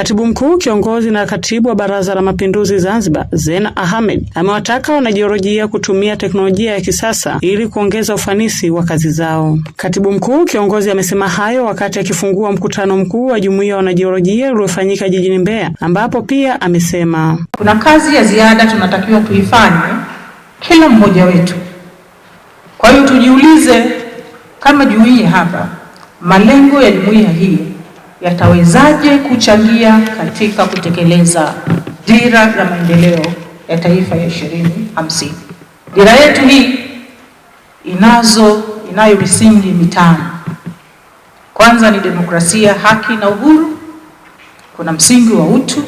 Katibu mkuu kiongozi na katibu wa Baraza la Mapinduzi Zanzibar, Zena Ahmed, amewataka wanajiolojia kutumia teknolojia ya kisasa ili kuongeza ufanisi wa kazi zao. Katibu mkuu kiongozi amesema hayo wakati akifungua mkutano mkuu wa jumuiya ya wanajiolojia uliofanyika jijini Mbeya, ambapo pia amesema kuna kazi ya ziada tunatakiwa tuifanye kila mmoja wetu. Kwa hiyo tujiulize, kama jumuiya hapa, malengo ya jumuiya hii yatawezaje kuchangia katika kutekeleza dira ya maendeleo ya taifa ya 2050. Dira yetu hii inazo inayo misingi mitano. Kwanza ni demokrasia, haki na uhuru. Kuna msingi wa utu,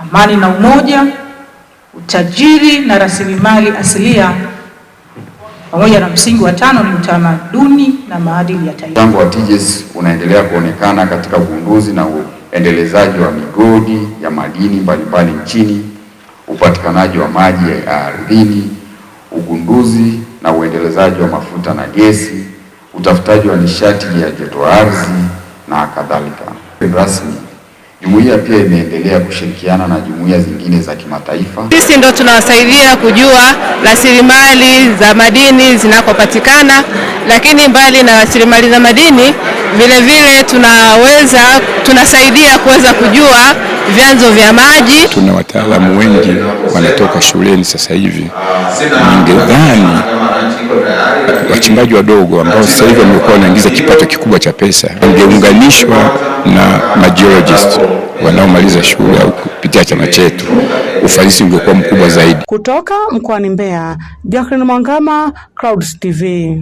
amani na umoja, utajiri na rasilimali asilia pamoja na msingi wa tano ni utamaduni na maadili ya taifa. Mchango wa TGS unaendelea kuonekana katika ugunduzi na uendelezaji wa migodi ya madini mbalimbali nchini, upatikanaji wa maji ya ardhini, ugunduzi na uendelezaji wa mafuta na gesi, utafutaji wa nishati ya joto ardhi na kadhalika. Rasmi Jumuiya pia imeendelea kushirikiana na jumuiya zingine za kimataifa. Sisi ndo tunawasaidia kujua rasilimali za madini zinakopatikana, lakini mbali na rasilimali za madini vilevile tunaweza tunasaidia kuweza kujua vyanzo vya maji. Tuna wataalamu wengi wanatoka shuleni sasa hivi, ningedhani wachimbaji wadogo ambao sasa hivi wamekuwa wanaingiza kipato kikubwa cha pesa wangeunganishwa na geologist wanaomaliza shule au kupitia chama chetu, ufanisi ungekuwa mkubwa zaidi. Kutoka mkoani Mbeya, Jacqueline Mwangama, Clouds TV.